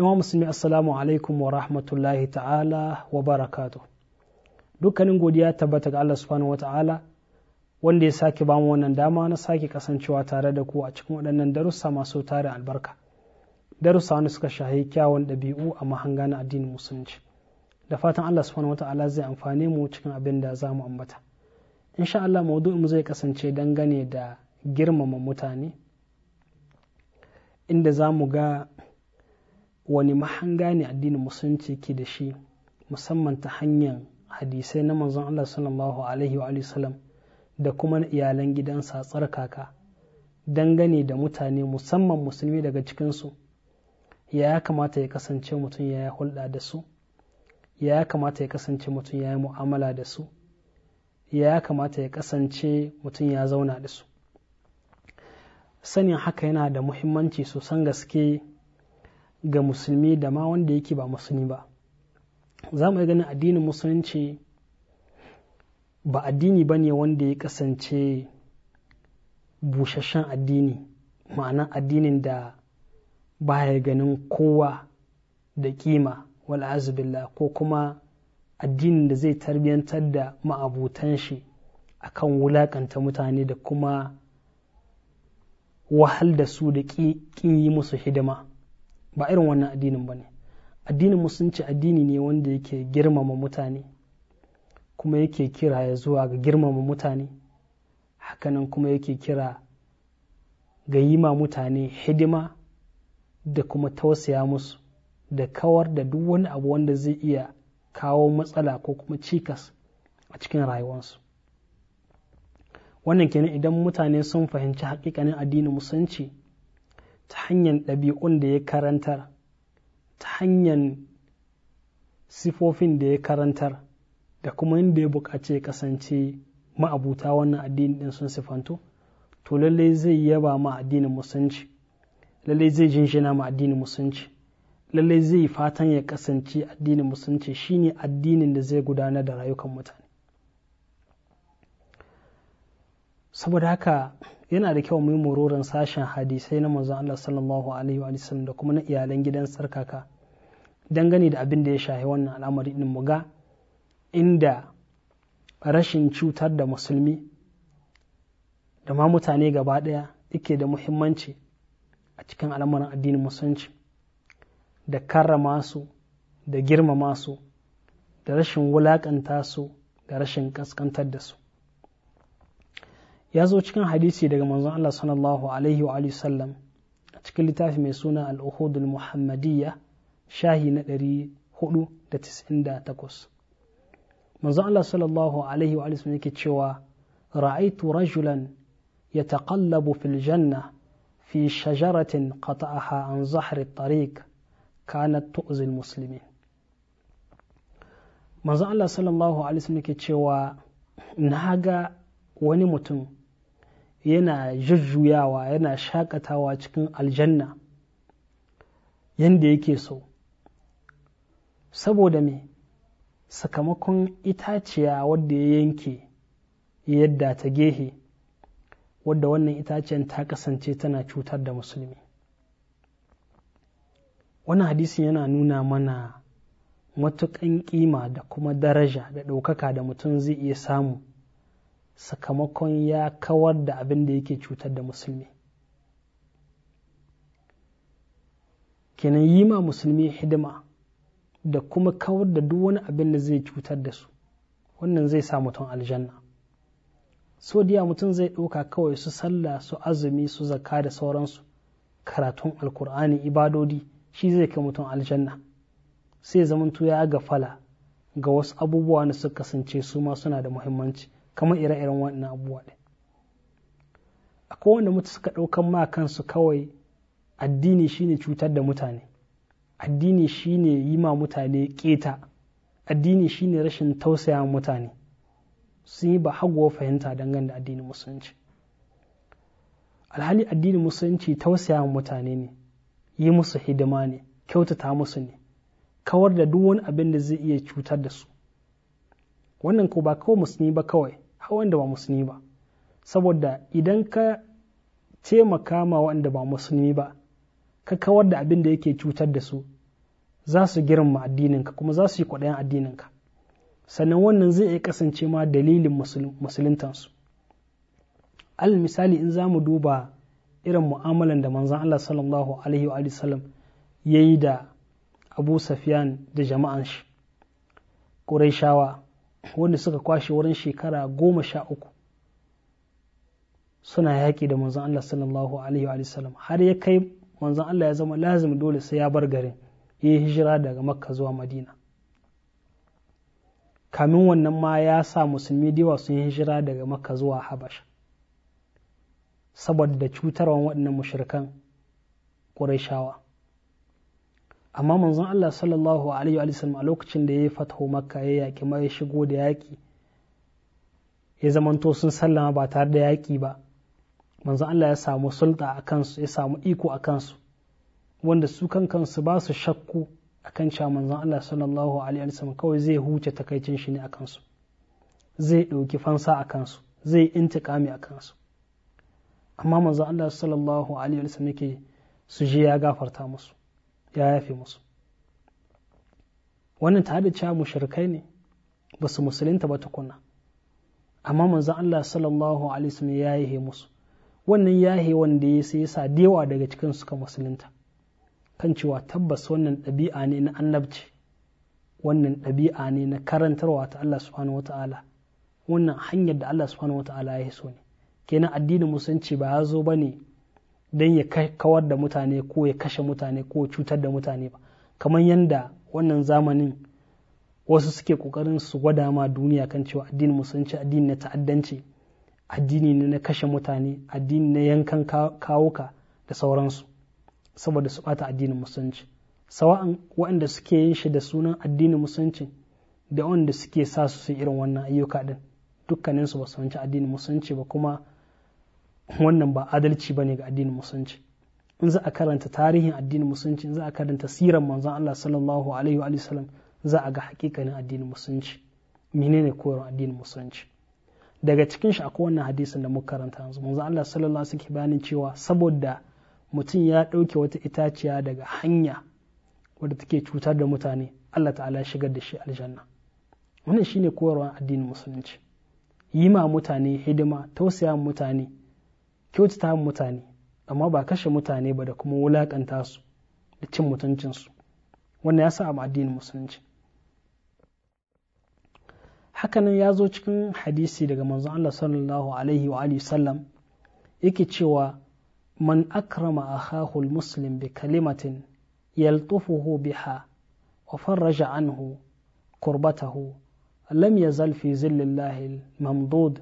imam musulmi assalamu alaikum wa rahmatullahi ta'ala wa barakatu dukkanin godiya tabbata ga Allah subhanahu wa ta'ala wanda ya sake bamu wannan dama na sake kasancewa tare da ku a cikin waɗannan darussa masu tare albarka darussa wanda suka shahi kyawun ɗabi'u a mahanga na addinin musulunci da fatan Allah subhanahu wa ta'ala zai amfane mu cikin abin da za mu ambata insha Allah mu zai kasance dangane da girmama mutane inda za mu ga wani mahanga ne addinin musulunci ke da shi musamman ta hanyar hadisai na manzon Allah sallallahu alaihi wa sallam da kuma iyalan gidansa tsarkaka dangane da mutane musamman musulmi daga cikinsu ya kamata ya kasance mutum ya hulɗa da su ya kamata ya kasance mutum ya yi mu'amala da su ya kamata ya kasance mutum ya zauna da su sanin haka yana da muhimmanci sosan gaske ga musulmi da ma wanda yake ba musulmi ba za mu ganin addinin musulunci ba addini ba ne wanda ya kasance busasshen addini ma'ana addinin da ba ya ganin kowa da kima wal'azubillah ko kuma addinin da zai tarbiyantar da ma'abutan shi kan wulaƙanta mutane da kuma wahal da su da ƙin yi musu hidima ba irin wannan addinin ba ne addinin musulunci addini ne wanda yake girmama mutane kuma yake kira ya zuwa ga girmama mutane hakanan kuma yake kira ga yi ma mutane hidima da kuma tausaya musu da kawar da duk wani abu wanda zai iya kawo matsala ko kuma cikas a cikin rayuwarsu wannan kenan idan mutane sun fahimci hakikanin addinin musulunci ta hanyar ɗabi'un da ya karantar ta hanyar sifofin da ya karantar da kuma inda ya buƙaci ya kasance ma'abuta wannan addini ɗin sun sifanto? to lallai zai yaba ma addinin musulunci lallai zai jinjina ma addinin musulunci lallai zai fatan ya kasance addinin musulunci shine addinin da zai gudanar da rayukan mutane saboda haka yana da kyau mu muroran sashen hadisai na manzon Allah sallallahu alaihi wa sallam da kuma na iyalan gidan sarkaka dangane da abin da ya shahi wannan al'amari din mu ga inda rashin cutar da musulmi da ma mutane gaba daya yake da muhimmanci a cikin al'amarin addinin musulunci da karrama su da girmama su da rashin wulakanta su da rashin kaskantar da su ya zo cikin hadisi daga manzon Allah sallallahu alaihi wa sallam a cikin littafi mai suna al-uhudul muhammadiyya shahi na 498 manzon Allah sallallahu alaihi wa sallam yake cewa ra'aitu rajulan yataqallabu fil janna fi shajaratin qata'aha an zahri at-tariq kanat tu'zi al-muslimin manzon Allah sallallahu alaihi wa sallam yake cewa na ga wani mutum yana jujjuyawa yana shakatawa cikin aljanna yadda yake so saboda me sakamakon itaciya wadda ya yanke yadda ta gehe wadda wannan itaciyar ta kasance tana cutar da musulmi wannan hadisin yana nuna mana matuƙan ƙima da kuma daraja da ɗaukaka da mutum zai iya samu sakamakon ya kawar da abin da yake cutar da musulmi kenan yi ma musulmi hidima da kuma kawar da duk wani abin da zai cutar da su wannan zai sa mutum aljanna so diya mutum zai ɗauka kawai su sallah su azumi su zaka da sauransu karatun alkur'ani ibadodi shi zai kai mutum aljanna sai zamantu ya gafala ga wasu abubuwa da su kasance su ma suna da muhimmanci kamar ire-iren waɗannan abubuwa ɗin akwai wanda mutu suka ɗaukan ma kansu kawai addini shine cutar da mutane addini shine yi ma mutane keta addini shine rashin tausaya mutane sun yi ba haguwa fahimta dangane da addinin musulunci alhali addinin musulunci tausaya mutane ne yi musu hidima ne kyautata musu ne kawar da duk wani abin da zai iya cutar da su wannan ko ba kawai musulmi ba kawai har wanda ba musulmi ba saboda idan ka taimaka ma wanda ba musulmi ba ka kawar da abin da yake cutar da su za su girma addininka kuma za su yi kwaɗayan addininka sannan wannan zai iya kasance ma dalilin musuluntansu al misali in za mu duba irin mu'amalan da manzan Allah sallallahu alaihi wa sallam ya yi da abu safiyan da jama'an shi shawa. wanda suka kwashe wurin shekara goma sha uku suna yaƙi da manzon Allah sallallahu alaihi wa sallam har ya kai manzon Allah ya zama lazim dole sai ya bar garin ya yi hijira daga makka zuwa madina kamin wannan ma ya sa musulmi diwa sun yi hijira daga makka zuwa habasha saboda cutarwa waɗannan mushrikan ƙurashawa amma manzon Allah sallallahu alaihi wa sallam a lokacin da ya fatho makka ya yaki ma ya shigo da yaƙi ya zamanto sun sallama ba tare da yaki ba manzon Allah ya samu sulta a kansu ya samu iko a kansu wanda su kan kansu ba su shakku a kan cewa manzon Allah sallallahu alaihi wa sallam kawai zai huce takaicin shi ne a kansu zai ɗauki fansa a kansu zai intikami a kansu amma manzon Allah sallallahu alaihi wa sallam yake su je ya gafarta musu ya yafe musu wannan ta cewa mushrikai ne ba su musulunta ba tukuna amma manzon Allah sallallahu alaihi wasallam ya yahe musu wannan yahe wanda ya sai sa dewa daga cikin suka musulunta kan cewa tabbas wannan ɗabi'a ne na annabci wannan ɗabi'a ne na karantarwa ta Allah subhanahu wata'ala wannan hanyar da Allah subhanahu wata'ala ya so ne kenan addinin musulunci ba ya zo bane don ya kawar da mutane ko ya kashe mutane ko cutar da mutane ba kamar yadda wannan zamanin wasu suke kokarin su gwada ma duniya kan cewa addinin musulunci addini na ta'addanci addini ne na kashe mutane addini na yankan kawuka da sauransu saboda su bata addinin musulunci sawa'an waɗanda suke yin shi da sunan addinin musulunci da wanda suke sa su su irin wannan ayyuka din dukkaninsu ba su addinin musulunci ba kuma wannan ba adalci ba ne ga addinin musulunci in za a karanta tarihin addinin musulunci in za a karanta siran manzon Allah sallallahu alaihi wa sallam za a ga hakikanin addinin musulunci menene koyarwar addinin musulunci daga cikin shi akwai wannan hadisin da muka karanta yanzu manzon Allah sallallahu alaihi wasallam bayanin cewa saboda mutum ya dauke wata itaciya daga hanya wadda take cutar da mutane Allah ta'ala ya shigar da shi aljanna wannan shine koyarwar addinin musulunci yi ma mutane hidima tausaya mutane kyautata mutane amma ba kashe mutane ba da kuma wulakanta su da cin mutuncinsu wannan ya sa a addinin musulunci hakanan ya zo cikin hadisi daga manzon Allah sallallahu alaihi wa alihi sallam yake cewa man akrama akhahu muslim bi kalimatin yaltufuhu biha wa farraja anhu kurbatahu lam yazal fi zillallahi mamdud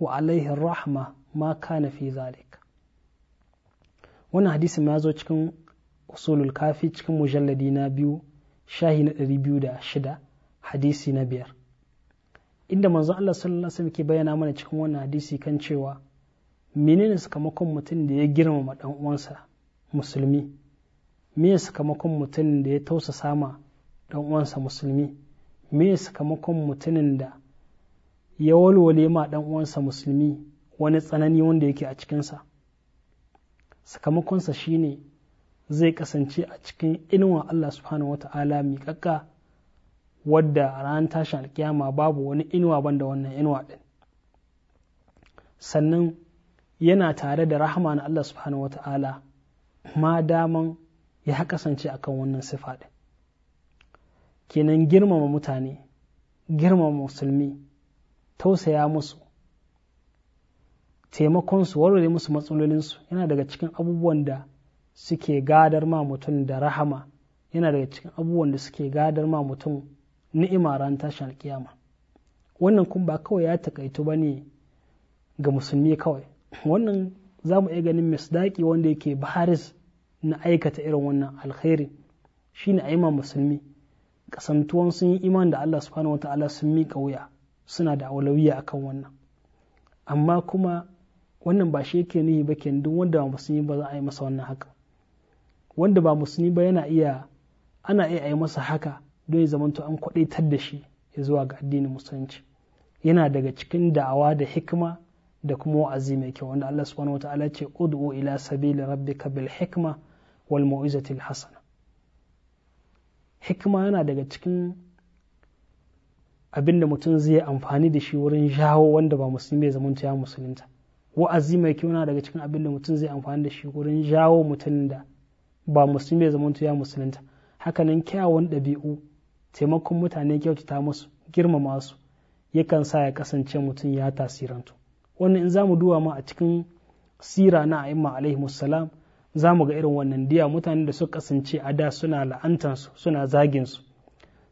wa alaihi rahma ma kana fi zalik wannan hadisi ya zo cikin usulul kafi cikin mujalladi na biyu shahi na ɗari biyu da shida hadisi na biyar inda manzon Allah sallallahu alaihi wasallam ke bayyana mana cikin wannan hadisi kan cewa menene sakamakon mutum da ya girmama dan uwansa musulmi me sakamakon mutumin da ya tausa sama dan uwansa musulmi me sakamakon mutumin da ya walwale ma dan uwansa musulmi wani tsanani wanda yake a cikinsa sakamakonsa shine zai kasance a cikin inuwa Allah subhanahu wa ta'ala miƙaƙƙa wadda ranar tashi tashin alkiyama babu wani inuwa banda wannan inuwa ɗin sannan yana tare da rahama na Allah subhanahu wa ta'ala ma daman ya kasance akan wannan sifa ɗin kenan girmama mutane girmama musulmi tausaya musu taimakon su warware musu matsalolinsu yana daga cikin abubuwan da suke gadar ma mutum da rahama yana daga cikin abubuwan da suke gadar ma mutum ni'ima ran tashin alkiyama wannan kuma ba kawai ya takaitu ba ne ga musulmi kawai wannan za mu iya ganin misdaki wanda yake baharis na aikata irin wannan alkhairi ne a ma musulmi kasantuwan sun yi iman da Allah subhanahu ta'ala sun miƙa wuya suna da aulawiya akan wannan amma kuma wannan ba shi yake nuhi ba kenan duk wanda ba musulmi ba za a yi masa wannan haka wanda ba musulmi ba yana iya ana iya yi masa haka don ya zamanto an kwadaitar da shi ya zuwa ga addinin musulunci yana daga cikin da'awa da hikima da kuma wa'azi mai kyau wanda Allah subhanahu wataala ce ud'u ila sabili rabbika bil hikma wal al hasana hikima yana daga cikin abin da mutum zai amfani da shi wurin jawo wanda ba musulmi ya zamanto ya musulunta wa'azi mai kyau na daga cikin abin da mutum zai amfani da shi wurin jawo mutumin da ba musulmi ya zamantu ya musulunta hakanan kyawun ɗabi'u taimakon mutane kyautata musu girmama su yakan sa ya kasance mutum ya tasirantu wannan in za mu duba ma a cikin sira na a'imma alaihi musalam za mu ga irin wannan diya mutane da suka kasance a da suna la'antansu suna zagin su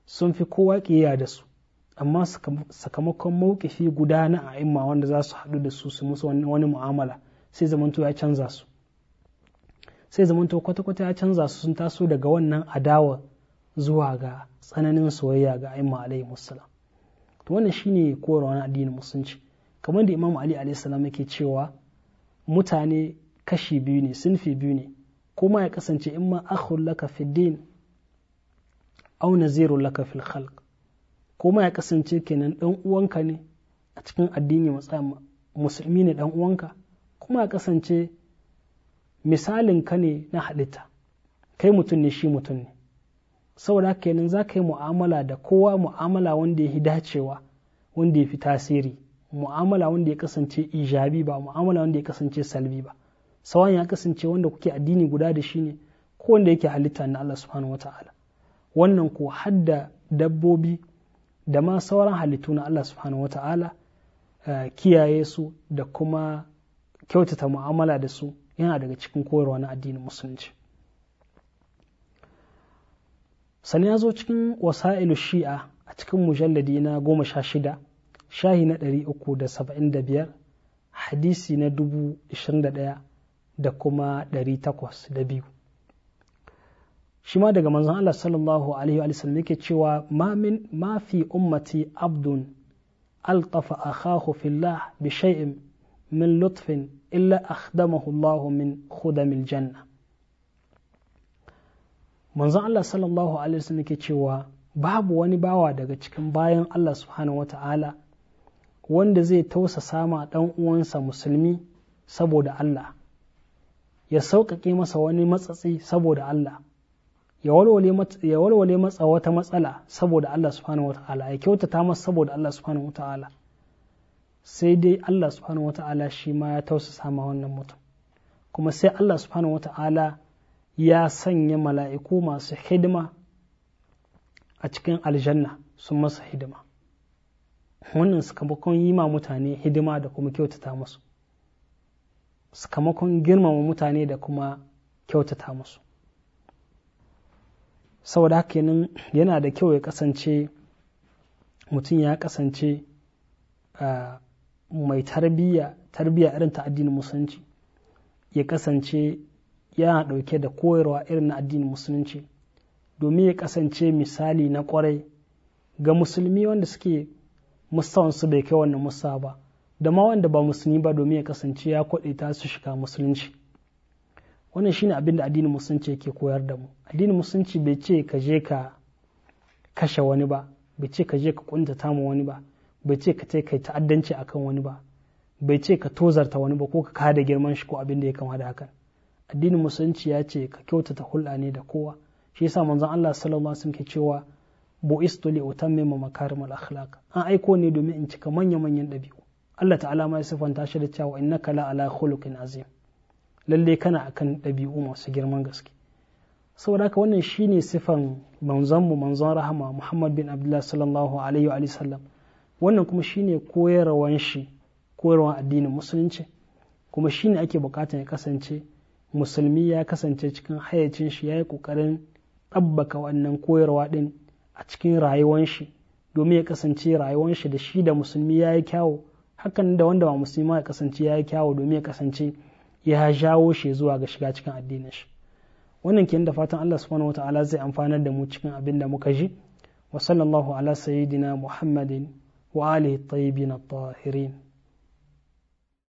sun fi kowa ƙiyayya da su amma sakamakon mawukifi guda na a'imma wanda za su haɗu da su su musu wani mu'amala sai zamanto ya canza su sai zamanto kwata-kwata ya canza su sun taso daga wannan adawa zuwa ga tsananin soyayya ga a'imma alaihi musulam to wannan shine kora wani addinin musulunci kamar da imam ali alaihi salam yake cewa mutane kashi biyu ne sinfi biyu ne kuma ya kasance imma akhul laka fid din aw nazirul laka fil khalq kuma ya kasance kenan ɗan uwanka ne a cikin addini musulmi ne dan uwanka kuma ya kasance misalin ka ne na halitta kai mutum ne shi mutum ne saboda kenan za ka yi mu'amala da kowa mu'amala wanda ya fi dacewa wanda ya fi tasiri mu'amala wanda ya kasance ijabi ba mu'amala wanda ya kasance salbi ba sawan ya kasance wanda kuke addini guda da shi ne ko wanda yake halitta na Allah subhanahu wata'ala wannan ko hadda dabbobi da ma sauran halittu na Allah subhanahu wata'ala eh, kiyaye su da kuma kyautata mu'amala da su yana daga cikin koyarwa na addinin musulunci sani ya zo cikin wasa'ilu shi'a a cikin mujalladi na goma sha shida shahi na ɗari uku da saba'in da biyar hadisi na dubu ishirin da ɗaya da kuma ɗari takwas da biyu shi ma daga manzon Allah sallallahu alaihi wa sallam yake cewa ma ma fi ummati abdun altafa akhahu fillah bi shay'in min lutfin illa akhdamahu Allah min khudamil janna manzon Allah sallallahu alaihi wa sallam yake cewa babu wani bawa daga cikin bayan Allah subhanahu wa ta'ala wanda zai tausa sama dan uwansa musulmi saboda Allah ya sauƙaƙe masa wani matsatsi saboda Allah ya walwale matsa wata matsala saboda Allah subhanahu wa ta'ala ya kyautata masa saboda Allah subhanahu wa ta'ala sai dai Allah subhanahu wa ta'ala shi ma ya tausasa ma wannan mutum kuma sai Allah subhanahu wa ta'ala ya sanya mala'iku masu hidima a cikin aljanna sun masa hidima wannan sakamakon yi ma mutane hidima da kuma kyautata musu sakamakon girmama mutane da kuma kyautata musu saboda haka kenan yana da kyau ya kasance mutum ya kasance mai tarbiyya tarbiyya irin ta addinin musulunci ya kasance yana ɗauke da koyarwa irin na addinin musulunci domin ya kasance misali na kwarai ga musulmi wanda suke musawansu bai kai wannan musa ba da ma wanda ba musulmi ba domin ya kasance ya kwaɗe ta su shiga musulunci wannan shine abin da addinin musulunci yake koyar da mu addinin musulunci bai ce ka je ka kashe wani ba bai ce ka je ka kuntata mu wani ba bai ce ka kai ta'addanci akan wani ba bai ce ka tozarta wani ba ko ka kada girman shi ko abin da ya kama da hakan addinin musulunci ya ce ka kyautata hulɗa ne da kowa shi yasa manzon Allah sallallahu alaihi wasallam ke cewa bu'istu li ma makarimal akhlaq an aiko ne domin in cika manya-manyan dabi'u Allah ta'ala ma ya sifanta shi da cewa innaka la ala khuluqin azim lalle kana akan ɗabi'u masu girman gaske saboda haka wannan shine sifan manzonmu manzon rahama Muhammad bin Abdullah sallallahu alaihi wa sallam wannan kuma shine koyarwan shi koyarwan addinin musulunci kuma shine ake bukatar ya kasance musulmi ya kasance cikin hayacin shi yi kokarin tabbaka wannan koyarwa din a cikin rayuwan shi domin ya kasance rayuwan shi da shi da musulmi ya yi kyawu hakan da wanda ba musulmi ya kasance ya yi kyawu domin ya kasance ya jawo shi zuwa ga shiga cikin addinin shi wannan kenan da fatan Allah subhanahu wataala zai amfanar da mu cikin abin da muka ji wa sallallahu ala sayyidina muhammadin wa alihi tayyibin at-tahirin